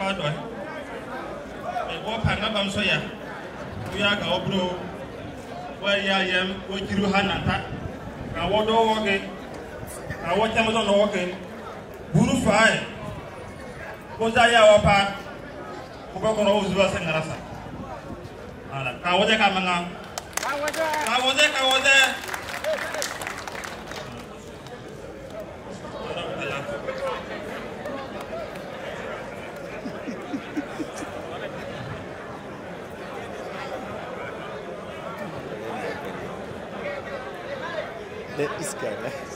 paadɔ wɔ panga bam so ya uya ga ɔbro wɔ ya yɛm wɔ jiru ha nata na wɔ dɔ wɔ ge buru faae wɔ za ya wɔ pa wɔ kɔ kɔnɔ wɔ zuba se ŋara sa ala ka wɔ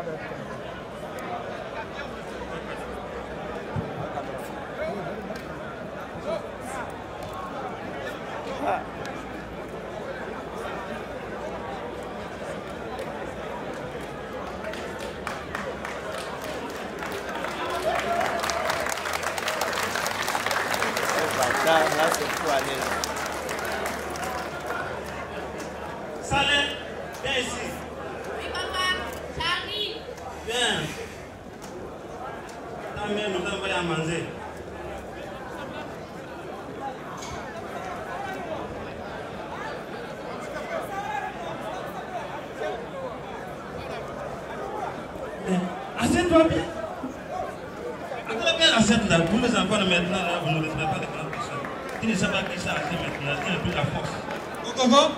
another thing. Assieds-toi bien. À travers là vous nous envoyez maintenant, là, vous ne retirez pas les grandes personnes. Tu ne sais pas qui ça assez maintenant, tu n'as plus la force. Kokoko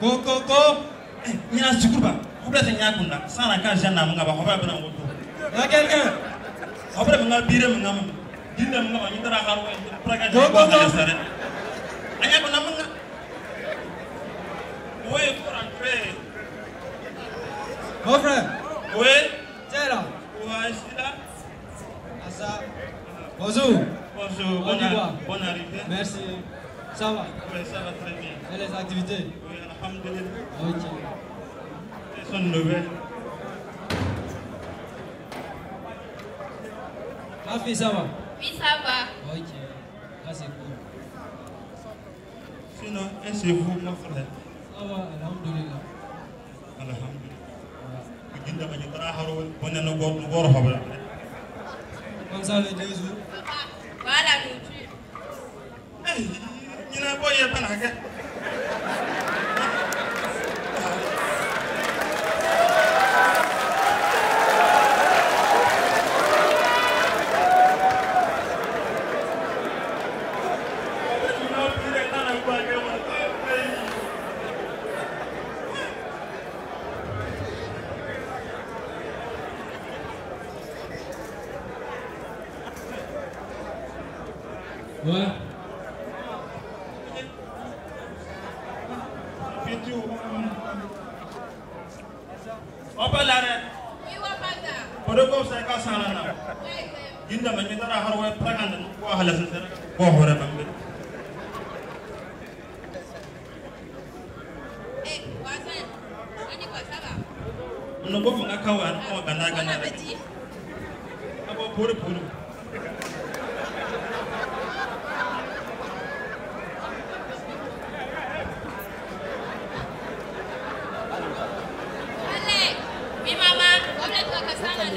Kokoko Nina Sukuba, vous plaît, Nina Kunda, sans la cage, Jana Mungaba, on va prendre un retour. Il y a quelqu'un On va prendre un biré, Mungaba. Dinda Mungaba, Nina Haroua, Praga, Jana Mungaba, beau frère Oui. Tiens là. je suis là. Bonjour. Bonjour. Bon, arrivée. Merci. Ça va Oui, ça va très bien. Et les activités ah Oui, alhamdoulilah. Ok. Ils sont nouvelles. Ma fille, ça va Oui, ça va. Ah ok. Ah, ça c'est cool. Sinon, est-ce vous, mon frère Ça va, alhamdoulilah. Alhamdoulilah. inɗamaji kona haro bonanno goto no goto hobla comme ça les deux jours voilà ñina boye banake jinda ma ni tara har way praganda ko halafin ko horema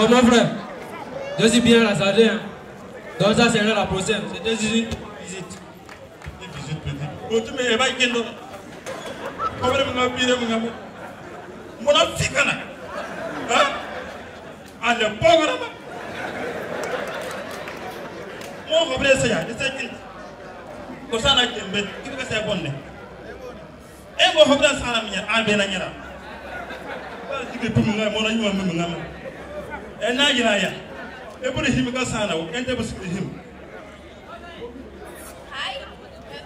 Bon, frère, je suis bien la Hein. Donc, ça, c'est la prochaine. c'est une visite. Une visite petite. tu suis pas dit Comment est-ce Mon suis Hein? À l'époque, là. Mon frère, c'est ça. C'est ça suis Comme ça, suis tu Qui veut que bon, là? Hein? Et eh, mon frère, ça, suis je ɛna nyina ya ibrahim ka sana wo ɛnta bɛ ibrahim ai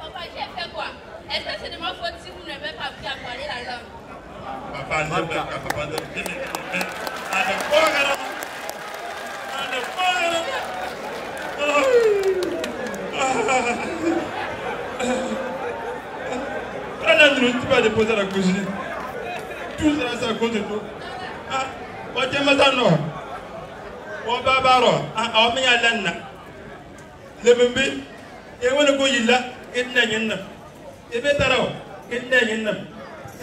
papa je fɛ quoi est-ce que c'est de ma faute si vous ne m'avez pas pris à parler la langue papa ne pas papa ne ada kogara ada kogara Prends un tu vas déposer la cousine. Tout sera ça contre toi. Ah, on t'aime maintenant. wo babaro aw mi yalanna lebimbi e wona go yilla idna nyinna e be taraw idna nyinna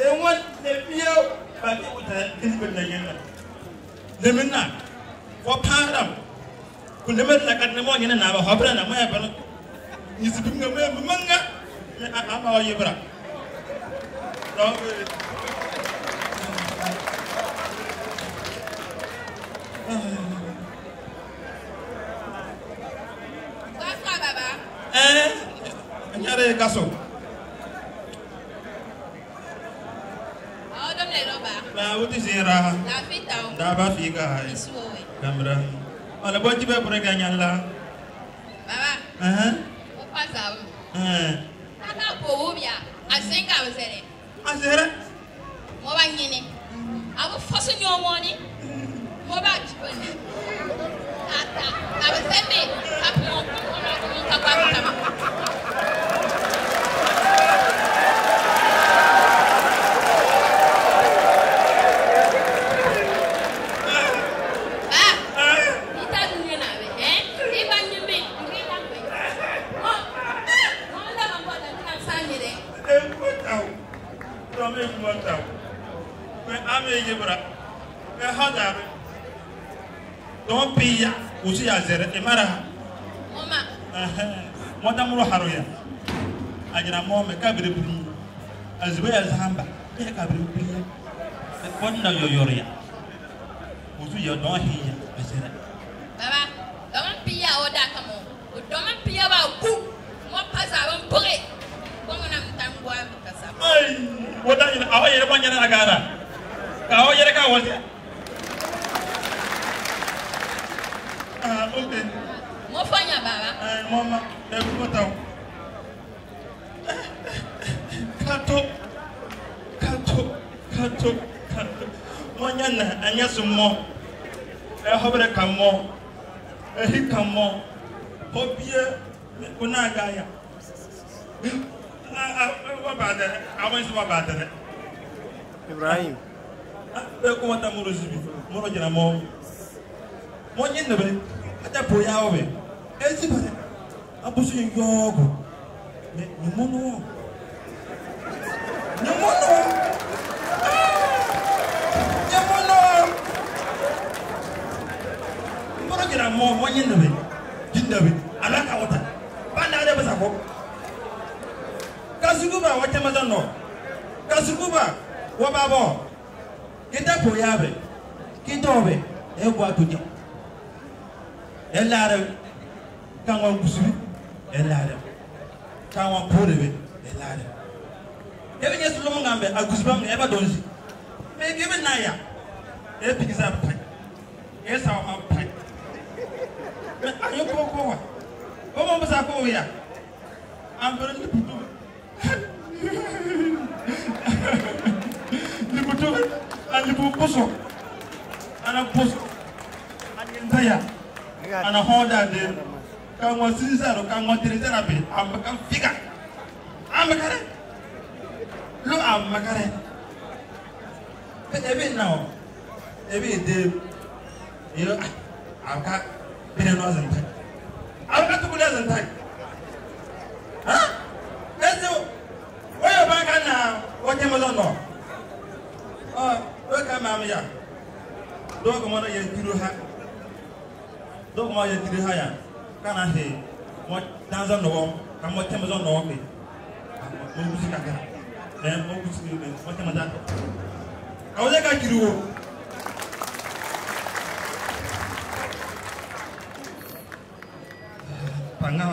e won ne biyo ba ti uta idna nyinna leminna wo param ku ne mer lakat ne mo nyina na ba hobra na mo ya bana yisi dinga me manga ne ama wa yibra donc Ah. jàllee Gaso. Sauti zira. Nafita. Daba figa. Isuwe. Gamra. Wala bo jibe bure ganyalla. Baba. Eh. Upa zao. Eh. Tata ko ubia. Asenga wazere. Azere. Mo ba nyene. Abo fosu nyomoni. Mo ba jiboni. Tata. Abasembe. Apo mo ko mo ko mo ka kwa kama. imara mɔdamuro haroya a nyina mɔɔmɛ kabiri biri a zubeya zahamba bɛɛ kabiri biri kɔnna yɔyɔriya musu yɛ dɔn hiya a sɛrɛ. baba dɔmɔ piya o da kama o dɔmɔ piya b'a ku mɔ pasa a bɛ n boge bamanan mi n bɔ a bɛ kasa. ayi o da ɲinɛ awɔ yɛrɛ bɔ ɲɛnɛ la k'a k'awɔ yɛrɛ k'a wɔsi. bàrà lóde ni. mo fọyàn bàrà. ẹ mọ ma ẹrú bọ́tà o. kátó kátó kátó kátó wọ́n yẹn na ẹ̀yẹ́ sùn mọ́ ẹ̀ họ́bẹ̀rẹ̀ kà mọ́ ẹ̀hí kà mọ́ họ́ bíẹ́ náà gà yà. Ibrahim. ẹ kó wọn ta mọ́rọ̀ síbi mọ́rọ̀ jìnnà mọ́ wọ́n yẹn nà ɛdɛ bonya wɔ mi esi bɛ dɛ abusu yi yɔɔgo mɛ nimu nu wɔ nimu nu wɔ nimu nu wɔ nkɔrɔ gyina mɔ mɔ nyi nabe yi nabe ala ka wɔ ta ba na ale bɛ sa kɔ kasugu ba wɔ kyɛmɛ sɛ nɔ kasugu ba wɔ ba bɔ kita bonya bɛ kita wɔ bɛ ɛ bɔ a to jɛ elaare kaŋa gusubi elaare kaŋa puuribe elaare ebe nyɛ sulumu ŋa bɛ a gusuba ŋa ebe donzi mɛ ebe na ya ebe pigisa pai ebe sawa ma pai mɛ a yɛ kɔkɔ kɔ wa o ma musa kɔ o ya an bɛrɛ ni putu ni putu a libu boso ana boso a nin ta ana hoda de kan wa sinisa do kan wa tiri therapy amma kan figa amma kare lo amma kare pe ebi na o ebi de yo aka bene no azan tak aka to bule azan tak ha ese o yo ba kan na o nyemo lo no o o ka ma mi ya do ko mo na ye duro ha donc moi j'ai tiré haya kana he mo danza no ka mo tema zo no ke mo gusi ka ga ne mo gusi ne mo tema da ka wole ka kiri wo panga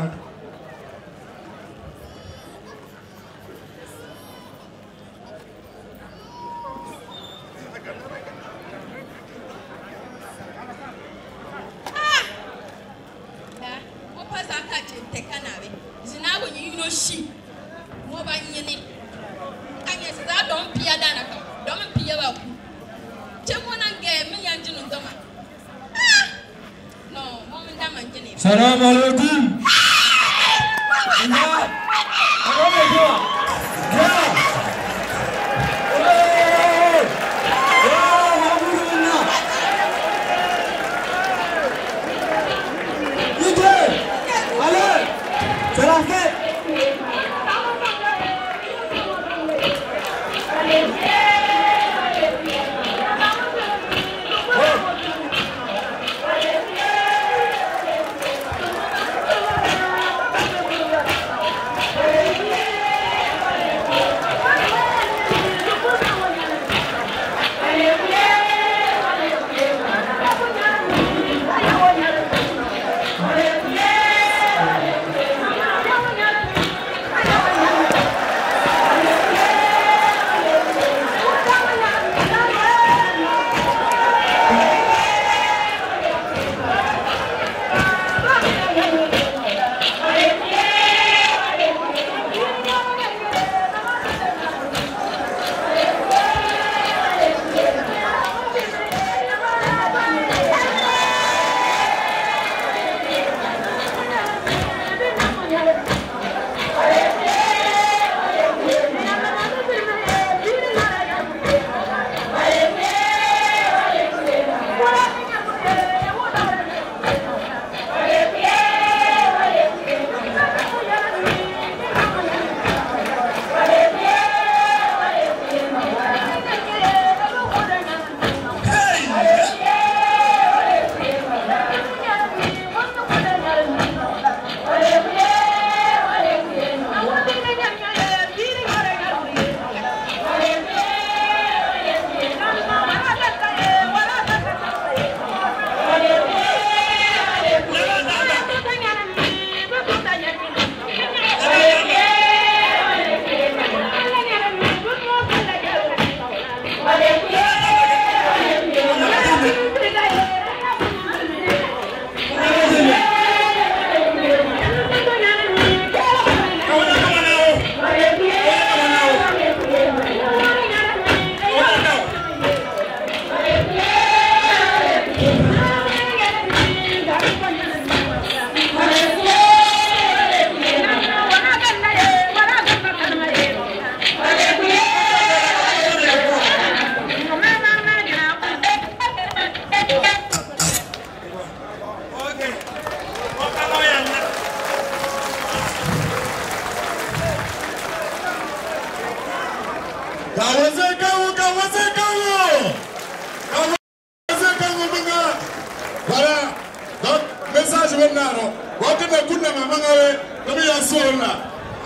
shi mo ban yi ne an yi za don fiye da na kan don fiye ba alaikum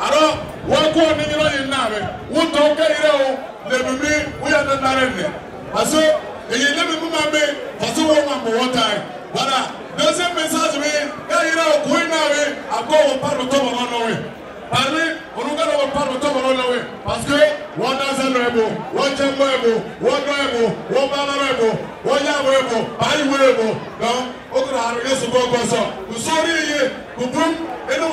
aro wako ni nyiro yinare wuto ke ire o le bibri uya na nare ne aso eyi le bi mama me aso wo ma mo wota e. bara dese message me ke ire o ku ina we ako wo paro to mo no we pari onuga na wo paro to mo no we parce que won da se lo ebo won je mo ebo won do ebo won ba na ebo won ya wo ebo pari wo ebo don okra haru yesu gogo so usori ye kubum enu